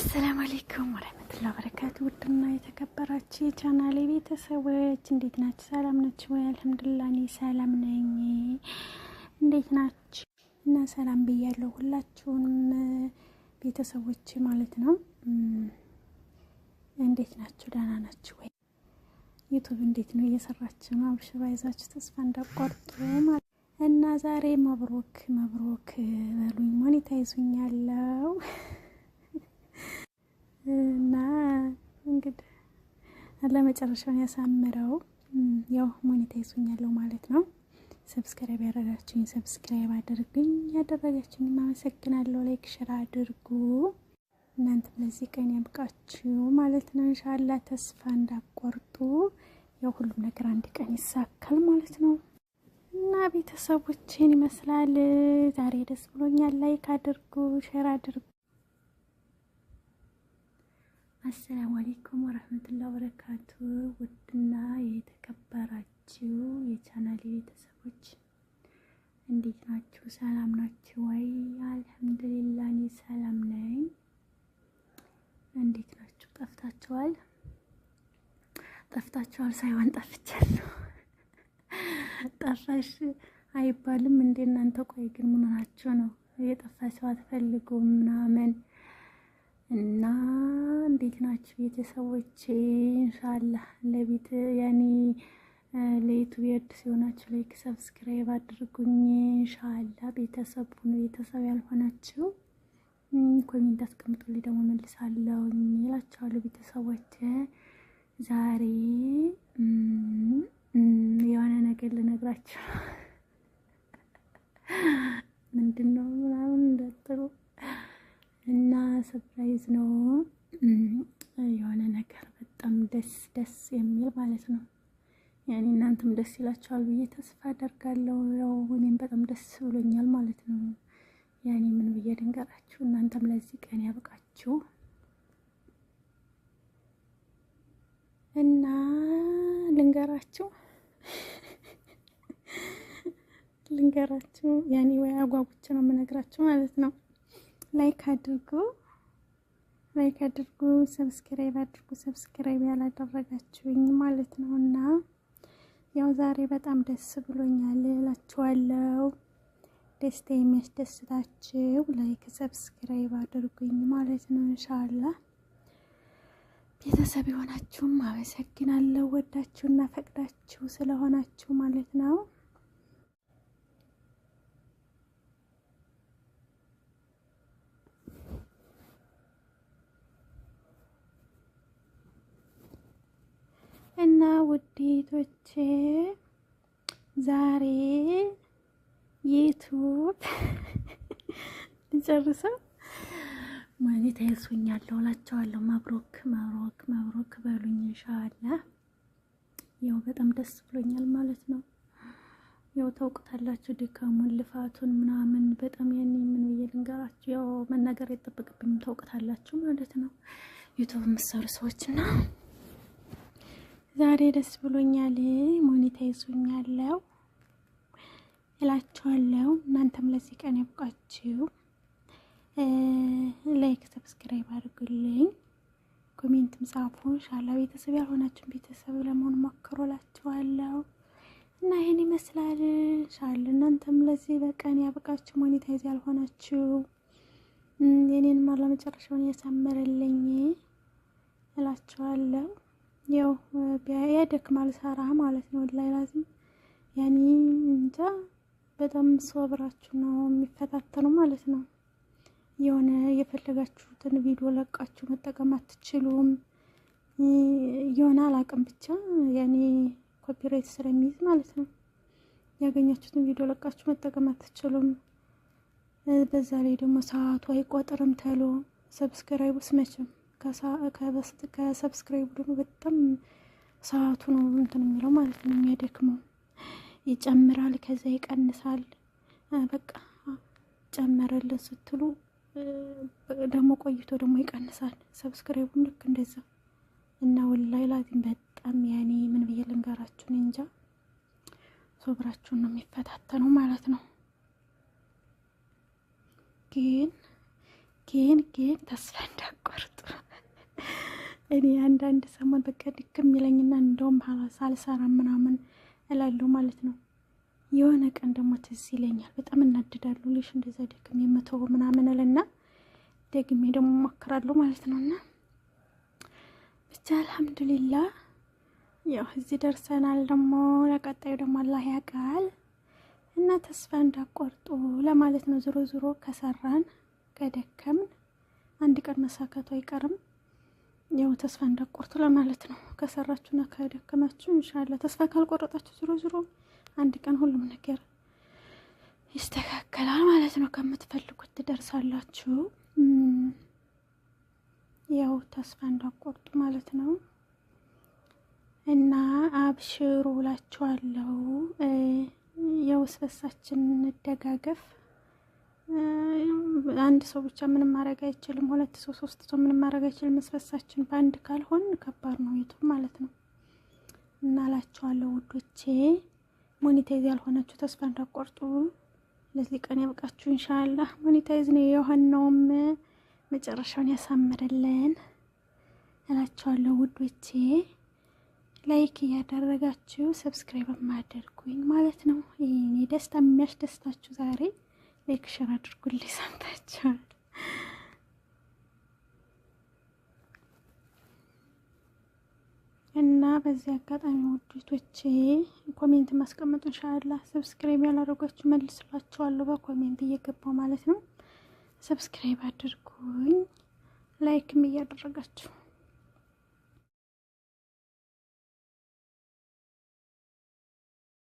አሰላሙ አሌይኩም ወረህመቱላ በረካቱ። ውድና የተከበራችሁ የቻናሌ ቤተሰቦች እንዴት ናችሁ? ሰላም ናችሁ ወይ? አልሐምዱሊላህ እኔ ሰላም ነኝ። እንዴት ናችሁ? እና ሰላም ብያለሁ ሁላችሁንም ቤተሰቦች ማለት ነው። እንዴት ናችሁ? ደህና ናችሁ ወይ? ዩቱብ እንዴት ነው? እየሰራችሁ ነው? አብሽራ ይዛችሁ ተስፋ እንዳቋርጡ ማለት እና ዛሬ መብሮክ መብሮክ በሉኝ ሞኔታይዙኛለው እና እንግዲህ ለመጨረሻውን ያሳምረው። ያው ሞኔታይዙኝ ያለው ማለት ነው። ሰብስክራይብ ያደረጋችሁኝ ሰብስክራይብ አድርጉኝ፣ ያደረጋችሁኝ አመሰግናለሁ። ላይክ ሽራ አድርጉ። እናንተም ለዚህ ቀን ያብቃችሁ ማለት ነው። እንሻላ ተስፋ እንዳቆርጡ፣ ያው ሁሉም ነገር አንድ ቀን ይሳካል ማለት ነው እና ቤተሰቦችን ይመስላል። ዛሬ ደስ ብሎኛል። ላይክ አድርጉ፣ ሼር አድርጉ። አሰላሙ አሌይኩም ወረህመቱላ ወበረካቱ። ውድና የተከበራችሁ የቻናሌ ቤተሰቦች እንዴት ናችሁ? ሰላም ናችሁ ወይ? አልሐምዱሊላ እኔ ሰላም ነኝ። እንዴት ናችሁ? ጠፍታችኋል? ጠፍታችኋል ሳይሆን ጠፍቻለሁ። ጠፋሽ አይባልም እንደ እናንተ። ቆይ ግን ምን ሆናችሁ ነው የጠፋ ሰው አትፈልጉም ምናምን እና እንዴት ናችሁ ቤተሰቦች? ኢንሻአላህ ለቤት ያኔ ለዩቱብ የድ ሲሆናችሁ ላይክ ሰብስክራይብ አድርጉኝ። ኢንሻአላህ ቤተሰብ ሁኑ። ቤተሰብ ያልሆናችሁ ኮሜንት አስቀምጡልኝ ደግሞ መልሳለሁ እላችኋለሁ። ቤተሰቦች ዛሬ የሆነ ነገር ልነግራችሁ ምንድን ነው ምናምን እንዳትሉ እና ሰርፕራይዝ ነው የሆነ ነገር በጣም ደስ ደስ የሚል ማለት ነው። ያኔ እናንተም ደስ ይላችኋል ብዬ ተስፋ አደርጋለሁ። ያው እኔም በጣም ደስ ብሎኛል ማለት ነው። ያኔ ምን ብዬ ድንገራችሁ፣ እናንተም ለዚህ ቀን ያብቃችሁ እና ልንገራችሁ ልንገራችሁ ያኔ ወይ አጓጉቼ ነው የምነግራችሁ ማለት ነው። ላይክ አድርጉ። ላይክ አድርጉ፣ ሰብስክራይብ አድርጉ። ሰብስክራይብ ያላደረጋችሁኝ ማለት ነው እና ያው ዛሬ በጣም ደስ ብሎኛል እላችኋለሁ። ደስታ የሚያስደስታችሁ ላይክ፣ ሰብስክራይብ አድርጉኝ ማለት ነው እንሻላ ቤተሰብ የሆናችሁም አመሰግናለሁ። ወዳችሁና ፈቅዳችሁ ስለሆናችሁ ማለት ነው። እና ውዴቶቼ ዛሬ ዩቱብ እንጨርሰው ማለት አይሱኛለሁ እላቸዋለሁ። መብሮክ መብሮክ መብሮክ በሉኝ ኢንሻአላህ። ያው በጣም ደስ ብሎኛል ማለት ነው። ያው ታውቁታላችሁ ድካሙን ልፋቱን ምናምን በጣም ያን ምን ልንገራችሁ፣ ያው መናገር አይጠበቅብኝም ታውቁታላችሁ ማለት ነው። ዩቱብ የምትሰሩ ሰዎች እና ዛሬ ደስ ብሎኛል፣ ሞኔታይዝ ሆኛለሁ እላችኋለሁ። እናንተም ለዚህ ቀን ያብቃችሁ። ላይክ ሰብስክራይብ አድርጉልኝ፣ ኮሜንትም ጻፉ። ሻላ ቤተሰብ ያልሆናችሁን ቤተሰብ ለመሆን ሞክሮ እላችኋለሁ። እና ይህን ይመስላል ሻል። እናንተም ለዚህ በቀን ያብቃችሁ። ሞኔታይዝ ያልሆናችሁ የኔን ማር መጨረሻውን ያሳምርልኝ እላችኋለሁ። ያው ያደክማል ሰራ ማለት ነው። ላይ ላዚም ያኔ እንጃ በጣም ሰብራችሁ ነው የሚፈታተኑ ማለት ነው። የሆነ የፈለጋችሁትን ቪዲዮ ለቃችሁ መጠቀም አትችሉም። የሆነ አላቅም ብቻ ያኔ ኮፒራይት ስለሚይዝ ማለት ነው። ያገኛችሁትን ቪዲዮ ለቃችሁ መጠቀም አትችሉም። በዛ ላይ ደግሞ ሰዓቱ አይቆጥርም ተሎ ሰብስክራይቡስ መቼም ከሰብስክራይብ ደግሞ በጣም ሰዓቱ ነው እንትን የሚለው ማለት ነው የሚያደክመው። ይጨምራል፣ ከዛ ይቀንሳል። በቃ ጨመረልን ስትሉ ደግሞ ቆይቶ ደግሞ ይቀንሳል ሰብስክራይቡም ልክ እንደዛ እና ወላይ ላዚም በጣም ያኔ ምን ብዬ ልንገራችሁን እንጃ። ሶብራችሁን ነው የሚፈታተነው ማለት ነው። ግን ግን ግን ተስፋ እንዳቆርጥ እኔ አንዳንድ ሰሞን በቃ ድክም ይለኝና እንደውም ሳልሰራ ምናምን እላለሁ ማለት ነው። የሆነ ቀን ደግሞ ትዝ ይለኛል፣ በጣም እናድዳሉ ልሽ እንደዛ ደክም የምተው ምናምን እልና ደግሜ ደግሞ እሞክራለሁ ማለት ነው። እና ብቻ አልሐምዱሊላ ያው እዚህ ደርሰናል። ደግሞ ለቀጣዩ ደግሞ አላህ ያውቃል እና ተስፋ እንዳቆርጡ ለማለት ነው። ዞሮ ዞሮ ከሰራን ከደከምን አንድ ቀን መሳካቱ አይቀርም። ያው ተስፋ እንዳቆርጡ ለማለት ነው። ከሰራችሁና ከደከማችሁ እንሻላ ተስፋ ካልቆረጣችሁ ዝሮ ዝሮ አንድ ቀን ሁሉም ነገር ይስተካከላል ማለት ነው። ከምትፈልጉት ትደርሳላችሁ። ያው ተስፋ እንዳቆርጡ ማለት ነው እና አብሽሩ እላችኋለሁ። የውስበሳችን እንደጋገፍ አንድ ሰው ብቻ ምንም ማድረግ አይችልም። ሁለት ሰው፣ ሶስት ሰው ምንም ማድረግ አይችልም። መስፈሳችን በአንድ ካልሆን ከባድ ነው ዩቱብ ማለት ነው። እና ላችኋለሁ ውዶቼ፣ ሞኔታይዝ ያልሆናችሁ ተስፋ እንዳቆርጡ፣ ለዚህ ቀን ያብቃችሁ። እንሻላ ሞኔታይዝ ነው የሆነውም መጨረሻውን ያሳምርልን እላቸዋለሁ ውዶቼ። ላይክ እያደረጋችሁ ሰብስክራይብ ማደርጉኝ ማለት ነው። ይሄ ደስታ የሚያስደስታችሁ ዛሬ ላይክ ሸር አድርጉልኝ። ሰምታችኋል። እና በዚህ አጋጣሚ ውድቶቼ ኮሜንት ማስቀመጡ እንሻላ። ሰብስክራይብ ያላደረጓችሁ መልስላችኋለሁ በኮሜንት እየገባው ማለት ነው። ሰብስክራይብ አድርጉኝ ላይክም እያደረጋችሁ